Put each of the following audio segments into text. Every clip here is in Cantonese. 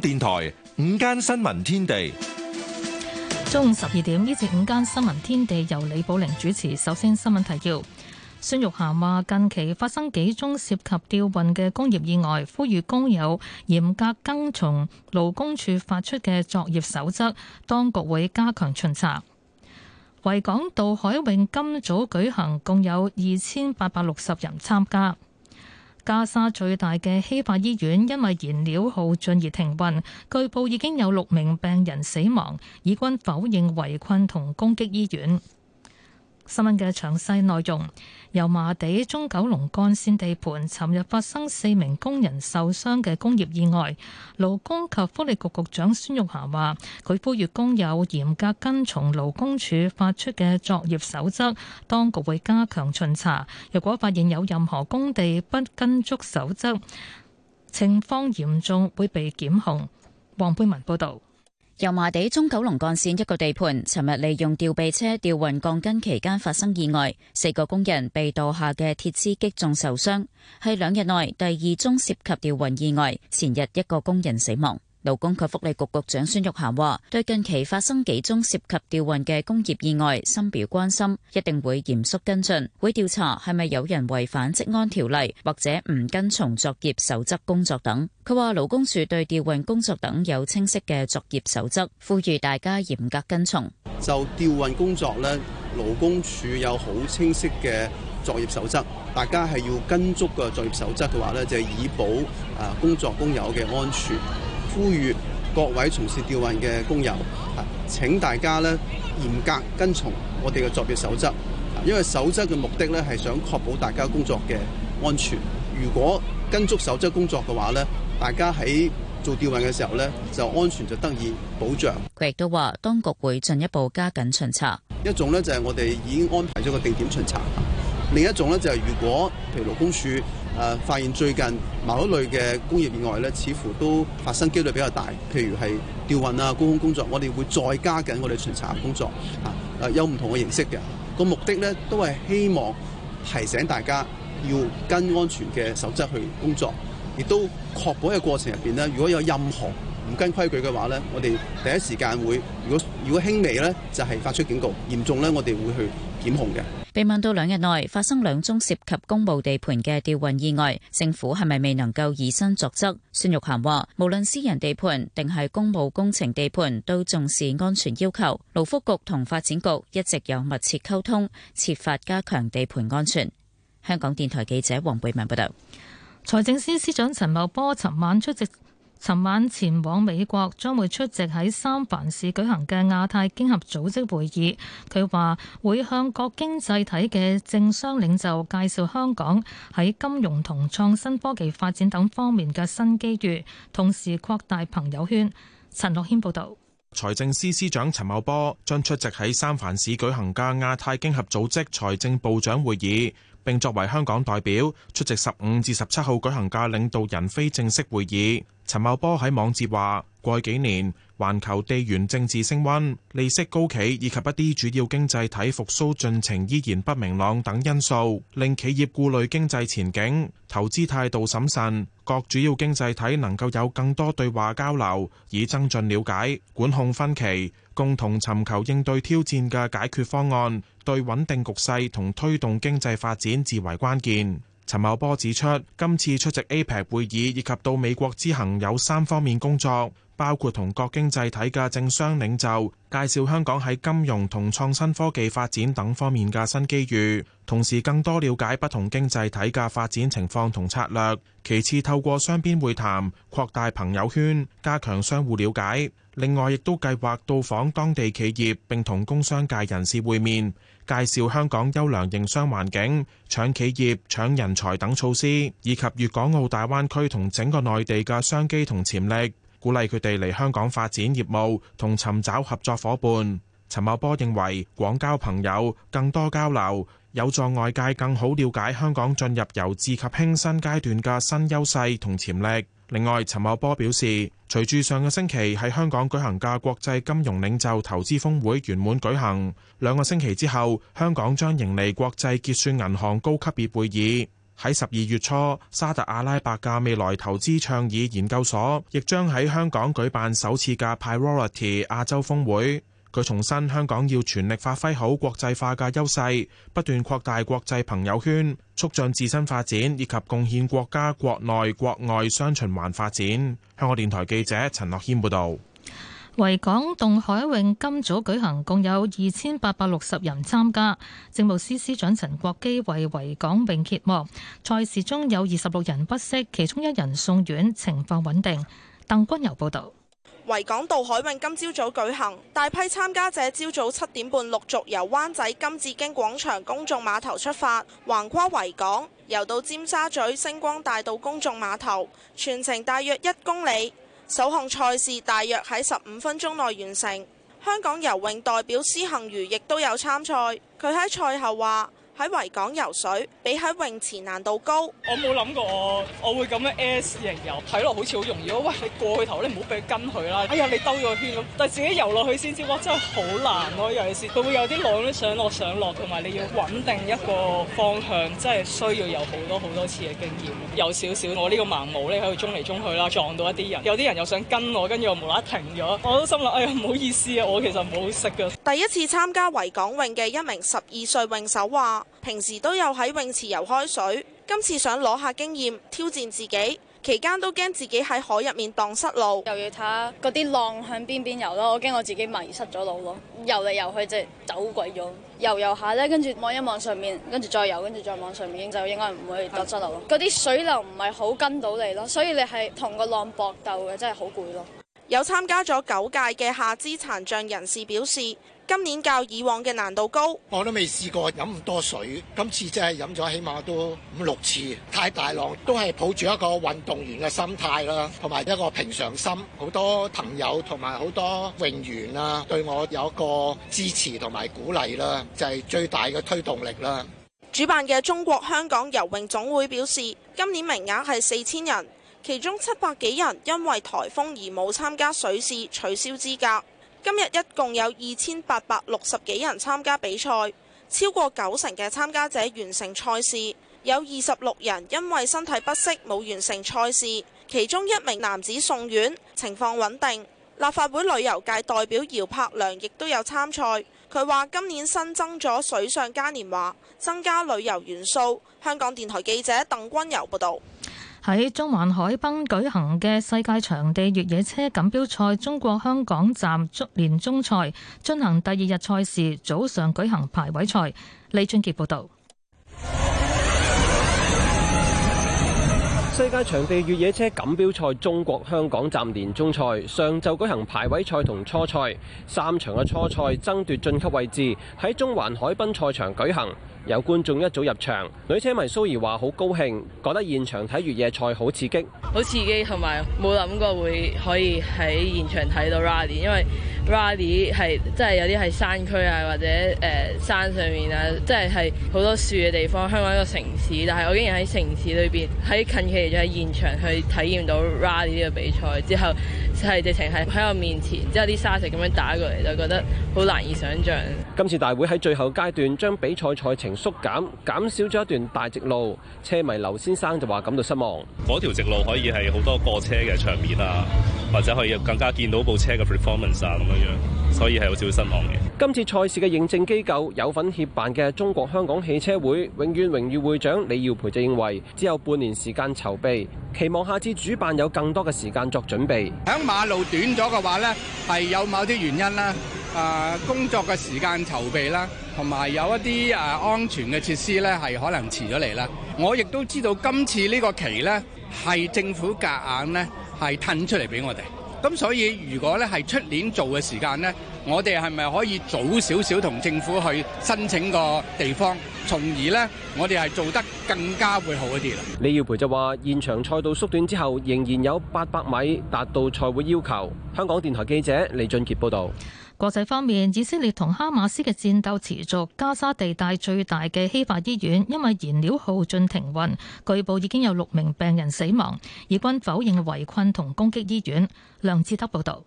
電台午間新聞天地，中午十二點，呢節午間新聞天地由李寶玲主持。首先新聞提要：孫玉霞話，近期發生幾宗涉及吊運嘅工業意外，呼籲工友嚴格跟從勞工處發出嘅作業守則。當局會加強巡查。維港渡海泳今早舉行，共有二千八百六十人參加。加沙最大嘅希法醫院因為燃料耗盡而停運，據報已經有六名病人死亡。以軍否認圍困同攻擊醫院。新聞嘅詳細內容，油麻地中九龍幹線地盤尋日發生四名工人受傷嘅工業意外，勞工及福利局局長孫玉霞話：佢呼籲工友嚴格跟從勞工處發出嘅作業守則，當局會加強巡查，若果發現有任何工地不跟足守則，情況嚴重會被檢控。黃佩文報導。油麻地中九龍幹線一個地盤，尋日利用吊臂車吊運鋼筋期間發生意外，四個工人被墮下嘅鐵絲擊中受傷，係兩日內第二宗涉及吊運意外，前日一個工人死亡。勞工及福利局局長孫玉菡話，對近期發生幾宗涉及吊運嘅工業意外，深表關心，一定會嚴肅跟進，會調查係咪有人違反職安條例或者唔跟從作業守則工作等。佢話勞工處對吊運工作等有清晰嘅作業守則，呼籲大家嚴格跟從。就吊運工作呢，勞工處有好清晰嘅作業守則，大家係要跟足個作業守則嘅話呢，就係以保啊工作工友嘅安全。呼籲各位從事吊運嘅工友，請大家咧嚴格跟從我哋嘅作業守則，因為守則嘅目的咧係想確保大家工作嘅安全。如果跟足守則工作嘅話咧，大家喺做吊運嘅時候咧就安全就得以保障。佢亦都話，當局會進一步加緊巡查。一種咧就係我哋已經安排咗個定點巡查，另一種咧就係如果譬如勞工處。誒、啊、發現最近某一類嘅工業意外呢，似乎都發生機率比較大，譬如係吊運啊、高空工作，我哋會再加緊我哋巡查工作，啊，啊有唔同嘅形式嘅個目的呢，都係希望提醒大家要跟安全嘅守則去工作，亦都確保喺個過程入邊呢，如果有任何唔跟規矩嘅話呢，我哋第一時間會，如果如果輕微呢，就係、是、發出警告，嚴重呢，我哋會去檢控嘅。被問到兩日內發生兩宗涉及公務地盤嘅吊運意外，政府係咪未能夠以身作則？孫玉菡話：無論私人地盤定係公務工程地盤，都重視安全要求。勞福局同發展局一直有密切溝通，設法加強地盤安全。香港電台記者黃貝文報道：「財政司司長陳茂波尋晚出席。尋晚前往美國，將會出席喺三藩市舉行嘅亞太經合組織會議。佢話會向各經濟體嘅政商領袖介紹香港喺金融同創新科技發展等方面嘅新機遇，同時擴大朋友圈。陳樂謙報道。財政司司司長陳茂波將出席喺三藩市舉行嘅亞太經合組織財政部長會議，並作為香港代表出席十五至十七號舉行嘅領導人非正式會議。陳茂波喺網誌話：過幾年，環球地緣政治升温、利息高企以及一啲主要經濟體復蘇進程依然不明朗等因素，令企業顧慮經濟前景、投資態度審慎。各主要經濟體能夠有更多對話交流，以增進了解、管控分歧、共同尋求應對挑戰嘅解決方案，對穩定局勢同推動經濟發展至為關鍵。陳茂波指出，今次出席 APEC 會議以及到美國之行有三方面工作，包括同各經濟體嘅政商領袖介紹香港喺金融同創新科技發展等方面嘅新機遇，同時更多了解不同經濟體嘅發展情況同策略。其次，透過雙邊會談擴大朋友圈，加強相互了解。另外，亦都計劃到訪當地企業並同工商界人士會面。介紹香港優良營商環境、搶企業、搶人才等措施，以及粵港澳大灣區同整個內地嘅商機同潛力，鼓勵佢哋嚟香港發展業務同尋找合作伙伴。陳茂波認為，廣交朋友、更多交流，有助外界更好了解香港進入由治及興新階段嘅新優勢同潛力。另外，陳茂波表示，隨住上個星期喺香港舉行嘅國際金融領袖投資峰會圓滿舉行，兩個星期之後，香港將迎嚟國際結算銀行高級別會議。喺十二月初，沙特阿拉伯嘅未來投資倡議研究所亦將喺香港舉辦首次嘅 Priority 亞洲峰會。佢重申，香港要全力發揮好國際化嘅優勢，不斷擴大國際朋友圈，促進自身發展，以及貢獻國家國內國外雙循環發展。香港電台記者陳樂謙報道。維港渡海泳今早舉行，共有二千八百六十人參加。政務司司長陳國基為維港泳揭幕。賽事中有二十六人不適，其中一人送院，情況穩定。鄧君柔報道。維港渡海泳今朝早舉行，大批參加者朝早七點半陸續由灣仔金紫荊廣場公眾碼頭出發，橫跨維港游到尖沙咀星光大道公眾碼頭，全程大約一公里。首項賽事大約喺十五分鐘內完成。香港游泳代表施幸餘亦都有參賽，佢喺賽後話。喺維港游水比喺泳池難度高。我冇諗過我我會咁樣 S 型游，睇落好似好容易咯。喂，你過去頭咧，唔好俾佢跟佢啦。哎呀，你兜咗圈咁，但係自己游落去先知，哇，真係好難咯，尤其是佢會有啲浪，上落上落，同埋你要穩定一個方向，真係需要有好多好多次嘅經驗。有少少，我呢個盲毛咧喺度中嚟中去啦，撞到一啲人，有啲人又想跟我，跟住我無啦停咗，我都心諗，哎呀，唔好意思啊，我其實唔好識噶。第一次參加維港泳嘅一名十二歲泳手話。平時都有喺泳池游開水，今次想攞下經驗，挑戰自己，期間都驚自己喺海入面蕩失路，又要睇下嗰啲浪向邊邊游咯，我驚我自己迷失咗路咯。游嚟游去就走鬼咗，游游下咧，跟住望一望上面，跟住再游，跟住再望上面，就應該唔會蕩失路咯。嗰啲水流唔係好跟到你咯，所以你係同個浪搏鬥嘅，真係好攰咯。有參加咗九屆嘅下肢殘障人士表示。今年較以往嘅難度高，我都未試過飲咁多水。今次真係飲咗，起碼都五六次太大浪，都係抱住一個運動員嘅心態啦，同埋一個平常心。好多朋友同埋好多泳員啊，對我有一個支持同埋鼓勵啦，就係最大嘅推動力啦。主辦嘅中國香港游泳總會表示，今年名額係四千人，其中七百幾人因為颱風而冇參加水試，取消資格。今日一共有二千八百六十幾人參加比賽，超過九成嘅參加者完成賽事，有二十六人因為身體不適冇完成賽事，其中一名男子送院，情況穩定。立法會旅遊界代表姚柏良亦都有參賽，佢話今年新增咗水上嘉年華，增加旅遊元素。香港電台記者鄧君柔報道。喺中環海濱舉行嘅世界場地越野車錦標賽中國香港站終年中賽進行第二日賽事，早上舉行排位賽。李俊傑報導。世界場地越野車錦標賽中國香港站年終賽上晝舉行排位賽同初賽，三場嘅初賽爭奪晉級位置，喺中環海濱賽場舉行。有觀眾一早入場，女車迷蘇怡話：好高興，覺得現場睇越野賽好刺激，好刺激，同埋冇諗過會可以喺現場睇到 Rally，因為 Rally 係真係有啲係山區啊，或者誒、呃、山上面啊，即係係好多樹嘅地方。香港一個城市，但係我竟然喺城市裏邊，喺近期就喺現場去體驗到 Rally 呢個比賽之後。就係直情係喺我面前，之後啲沙石咁樣打過嚟，就覺得好難以想像。今次大會喺最後階段將比賽賽程縮減，減少咗一段大直路，車迷劉先生就話感到失望。嗰條直路可以係好多過車嘅場面啊！或者可以更加見到部車嘅 performance 啊，咁樣樣，所以係有少少失望嘅。今次賽事嘅認證機構有份協辦嘅中國香港汽車會永遠榮譽會長李耀培就認為，只有半年時間籌備，期望下次主辦有更多嘅時間作準備。響馬路短咗嘅話咧，係有某啲原因啦。誒工作嘅時間籌備啦，同埋有一啲誒安全嘅設施咧，係可能遲咗嚟啦。我亦都知道今次呢個期咧，係政府夾硬咧。係褪出嚟俾我哋，咁所以如果咧係出年做嘅時間呢，我哋係咪可以早少少同政府去申請個地方，從而呢，我哋係做得更加會好一啲？李耀培就話：現場賽道縮短之後，仍然有八百米達到賽會要求。香港電台記者李俊傑報導。國際方面，以色列同哈馬斯嘅戰鬥持續。加沙地帶最大嘅希法醫院因為燃料耗盡停運，據報已經有六名病人死亡。以軍否認圍困同攻擊醫院。梁志德報道。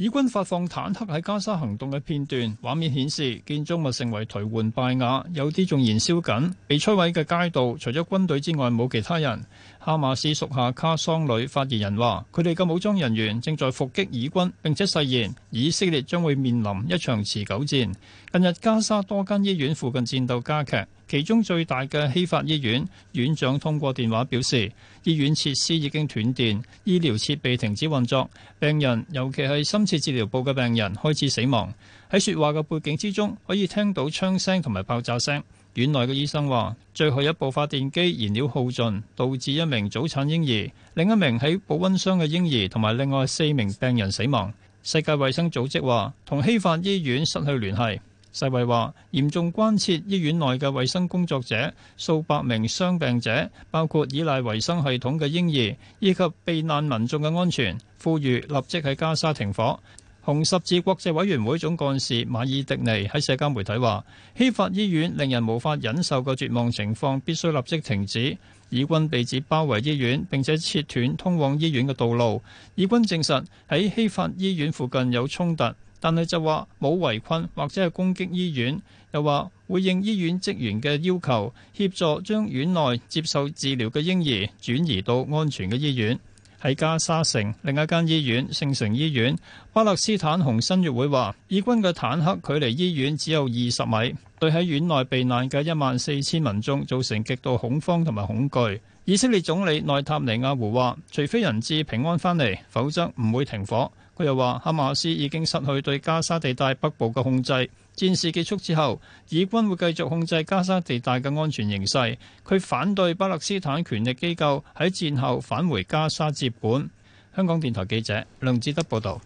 以軍發放坦克喺加沙行動嘅片段，畫面顯示建築物成為頹垣敗瓦，有啲仲燃燒緊。被摧毀嘅街道除咗軍隊之外冇其他人。哈馬斯屬下卡桑旅發言人話：佢哋嘅武裝人員正在伏擊以軍，並且誓言以色列將會面臨一場持久戰。近日加沙多間醫院附近戰鬥加劇。其中最大嘅希法醫院院長通過電話表示，醫院設施已經斷電，醫療設備停止運作，病人尤其係深切治療部嘅病人開始死亡。喺說話嘅背景之中，可以聽到槍聲同埋爆炸聲，院內嘅醫生話最後一部發電機燃料耗盡，導致一名早產嬰兒、另一名喺保溫箱嘅嬰兒同埋另外四名病人死亡。世界衛生組織話同希法醫院失去聯繫。世衛話嚴重關切醫院內嘅衛生工作者、數百名傷病者，包括依賴衛生系統嘅嬰兒，以及避難民眾嘅安全，呼籲立即喺加沙停火。紅十字國際委員會總幹事馬爾迪尼喺社交媒體話，希法醫院令人無法忍受嘅絕望情況必須立即停止。以軍被指包圍醫院，並且切斷通往醫院嘅道路。以軍證實喺希法醫院附近有衝突。但係就話冇圍困或者係攻擊醫院，又話會應醫院職員嘅要求協助將院內接受治療嘅嬰兒轉移到安全嘅醫院。喺加沙城另一間醫院聖城醫院，巴勒斯坦紅新月會話，以軍嘅坦克距離醫院只有二十米，對喺院內避難嘅一萬四千民眾造成極度恐慌同埋恐懼。以色列總理內塔尼亞胡話，除非人質平安返嚟，否則唔會停火。佢又話：哈馬斯已經失去對加沙地帶北部嘅控制。戰事結束之後，以軍會繼續控制加沙地帶嘅安全形勢。佢反對巴勒斯坦權力機構喺戰後返回加沙接管。香港電台記者梁志德報道。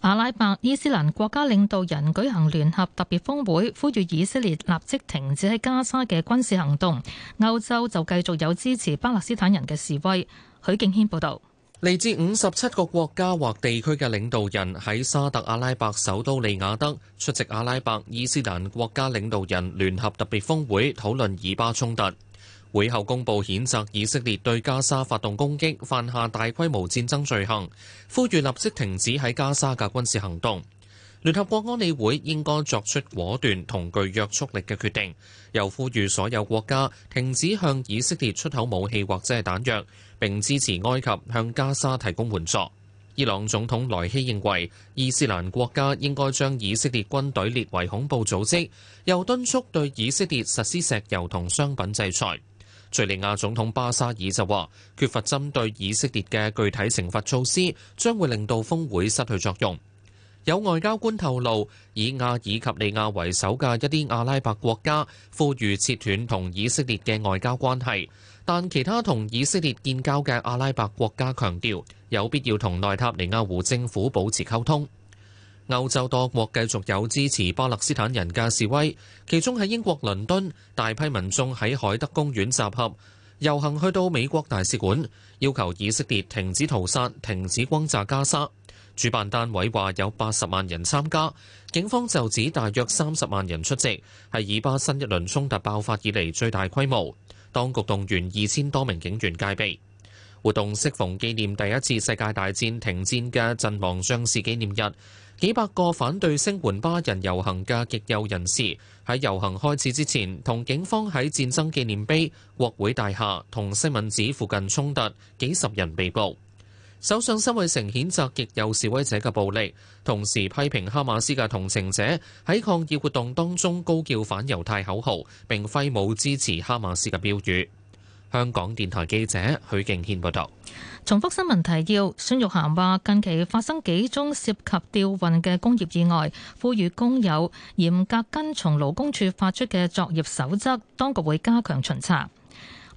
阿拉伯伊斯蘭國家領導人舉行聯合特別峰會，呼籲以色列立即停止喺加沙嘅軍事行動。歐洲就繼續有支持巴勒斯坦人嘅示威。許敬軒報道。嚟自五十七個國家或地區嘅領導人喺沙特阿拉伯首都利雅德出席阿拉伯伊斯蘭國家領導人聯合特別峰會，討論以巴衝突。會後公佈譴責以色列對加沙發動攻擊，犯下大規模戰爭罪行，呼籲立即停止喺加沙嘅軍事行動。聯合國安理會應該作出果斷同具約束力嘅決定，又呼籲所有國家停止向以色列出口武器或者係彈藥，並支持埃及向加沙提供援助。伊朗總統萊希認為，伊斯蘭國家應該將以色列軍隊列為恐怖組織，又敦促對以色列實施石油同商品制裁。敍利亞總統巴沙爾就話，缺乏針對以色列嘅具體懲罰措施，將會令到峰會失去作用。有外交官透露，以阿爾及利亞為首嘅一啲阿拉伯國家呼籲切斷同以色列嘅外交關係，但其他同以色列建交嘅阿拉伯國家強調有必要同內塔尼亞胡政府保持溝通。歐洲多國繼續有支持巴勒斯坦人嘅示威，其中喺英國倫敦，大批民眾喺海德公園集合，遊行去到美國大使館，要求以色列停止屠殺、停止轟炸加沙。主辦單位話有八十萬人參加，警方就指大約三十萬人出席，係以巴新一輪衝突爆發以嚟最大規模。當局動員二千多名警員戒備。活動適逢紀念第一次世界大戰停戰嘅陣亡將士紀念日，幾百個反對聲援巴人遊行嘅極右人士喺遊行開始之前，同警方喺戰爭紀念碑、國會大廈同西敏寺附近衝突，幾十人被捕。首相辛偉誠譴責極右示威者嘅暴力，同時批評哈馬斯嘅同情者喺抗議活動當中高叫反猶太口號，並揮舞支持哈馬斯嘅標語。香港電台記者許敬軒報道：「重複新聞提要，孫玉菡話：近期發生幾宗涉及吊運嘅工業意外，呼籲工友嚴格跟從勞工處發出嘅作業守則，當局會加強巡查。」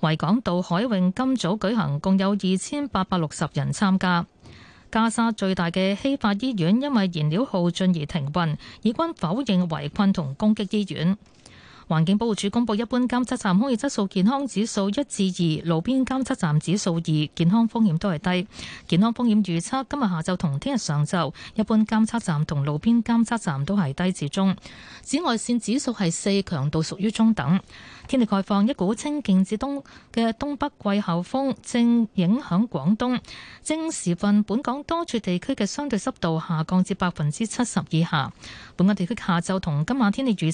維港渡海泳今早舉行，共有二千八百六十人參加。加沙最大嘅希法醫院因為燃料耗盡而停運，以軍否認圍困同攻擊醫院。環境保護署公布，一般監測站空氣質素健康指數一至二，2，路邊監測站指數二，健康風險都係低。健康風險預測今日下晝同聽日上晝，一般監測站同路邊監測站都係低至中。紫外線指數係四，強度屬於中等。天氣概況：一股清勁至東嘅東北季候風正影響廣東，正時分本港多處地區嘅相對濕度下降至百分之七十以下。本港地區下晝同今晚天氣預測：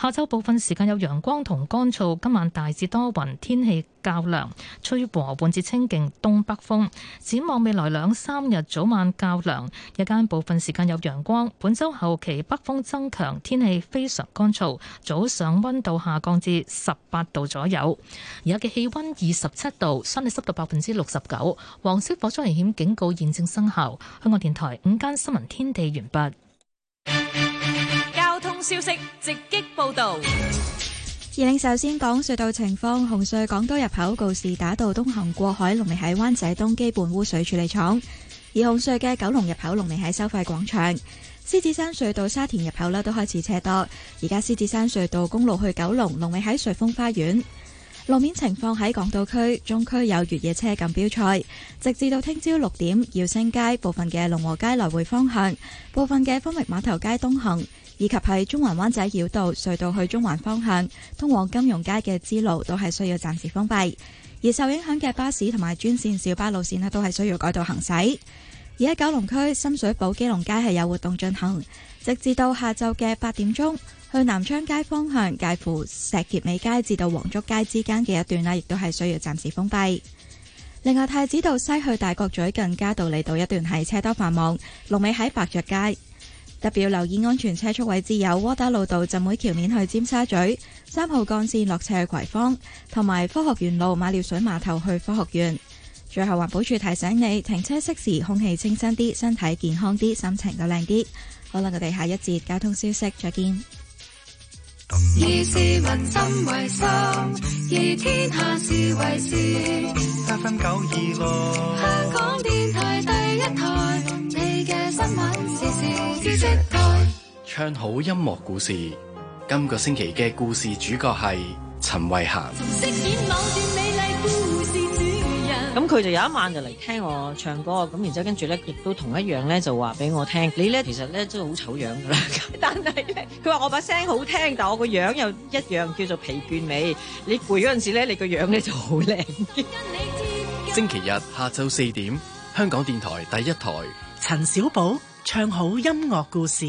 下晝部分時間有陽光同乾燥，今晚大致多雲，天氣，較涼，吹和半至清勁東北風。展望未來兩三日早晚較涼，日間部分時間有陽光。本周後期北風增強，天氣非常乾燥，早上溫度下降至十八度左右。而家嘅氣溫二十七度，相對濕度百分之六十九，黃色火災危險警告現正生效。香港電台午間新聞天地完畢。交通消息直擊報道。而令首先講隧道情況，紅隧港島入口告士打道東行過海，龍尾喺灣仔東基本污水處理廠，而紅隧嘅九龍入口龍尾喺收費廣場，獅子山隧道沙田入口咧都開始車多，而家獅子山隧道公路去九龍龍尾喺瑞豐花園路面情況。喺港島區中區有越野車錦標賽，直至到聽朝六點耀星街部分嘅龍和街來回方向，部分嘅分域碼頭街東行。以及喺中環灣仔繞道隧道去中環方向，通往金融街嘅支路都係需要暫時封閉。而受影響嘅巴士同埋專線小巴路線呢，都係需要改道行駛。而喺九龍區深水埗基隆街係有活動進行，直至到下晝嘅八點鐘，去南昌街方向介乎石硤尾街至到黃竹街之間嘅一段啦，亦都係需要暫時封閉。另外，太子道西去大角咀近嘉道理道一段係車多繁忙，龍尾喺白爵街。特別留意安全車速位置，有窩打老道浸會橋面去尖沙咀、三號幹線落車去葵芳，同埋科學園路馬料水碼頭去科學園。最後環保署提醒你，停車熄匙空氣清新啲，身體健康啲，心情又靚啲。可能我哋下一節交通消息再見。以市民心為心，以天下事為事，再分九二六。唱好音樂故事，今個星期嘅故事主角係陳慧嫻。咁佢就有一晚就嚟聽我唱歌，咁然之後跟住咧亦都同一樣咧就話俾我聽，你咧其實咧都好醜樣噶啦，但係咧佢話我把聲好聽，但我個樣又一樣叫做疲倦美。你攰嗰陣時咧，你個樣咧就好靚。星期日下晝四點，香港電台第一台。陳小寶。唱好音樂故事，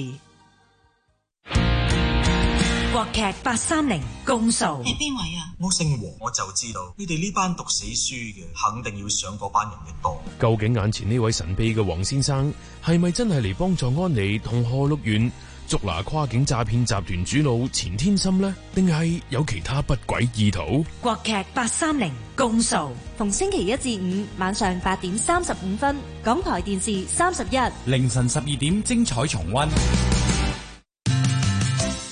國劇八三零公訴，係邊位啊？我姓黃，我就知道你哋呢班讀死書嘅，肯定要上嗰班人嘅當。究竟，眼前呢位神秘嘅黃先生，係咪真係嚟幫助安妮同賀祿遠？捉拿跨境詐騙集團主腦錢天心呢，定係有其他不軌意圖？國劇八三零公訴，逢星期一至五晚上八點三十五分，港台電視三十一，凌晨十二點精彩重溫。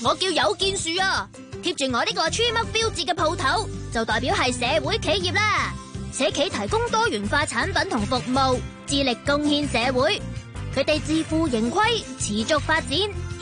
我叫有建樹啊，貼住我呢個 triumph 標誌嘅鋪頭，就代表係社會企業啦。社企提供多元化產品同服務，致力貢獻社會。佢哋自負盈虧，持續發展。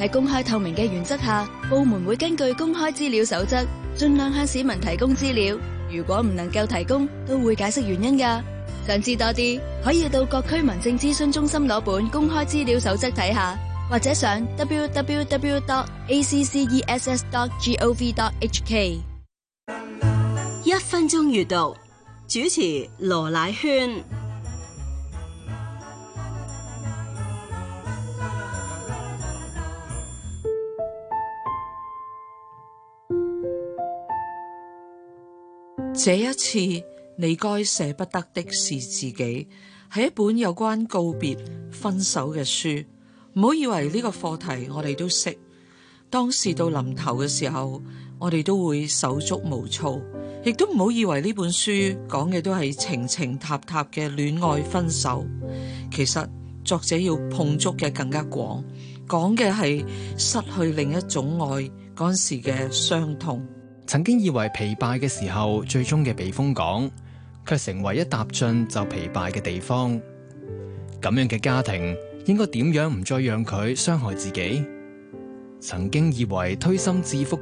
喺公開透明嘅原則下，部門會根據公開資料守則，盡量向市民提供資料。如果唔能夠提供，都會解釋原因㗎。想知多啲，可以到各區民政諮詢中心攞本《公開資料守則》睇下，或者上 www.access.gov.hk。一分鐘閱讀，主持羅乃萱。這一次你該捨不得的是自己，係一本有關告別分手嘅書。唔好以為呢個課題我哋都識，當事到臨頭嘅時候，我哋都會手足無措。亦都唔好以為呢本書講嘅都係情情塔塔嘅戀愛分手，其實作者要碰觸嘅更加廣，講嘅係失去另一種愛嗰陣時嘅傷痛。曾經以為疲敗嘅時候，最終嘅避風港，卻成為一踏進就疲敗嘅地方。咁樣嘅家庭，應該點樣唔再讓佢傷害自己？曾經以為推心置腹。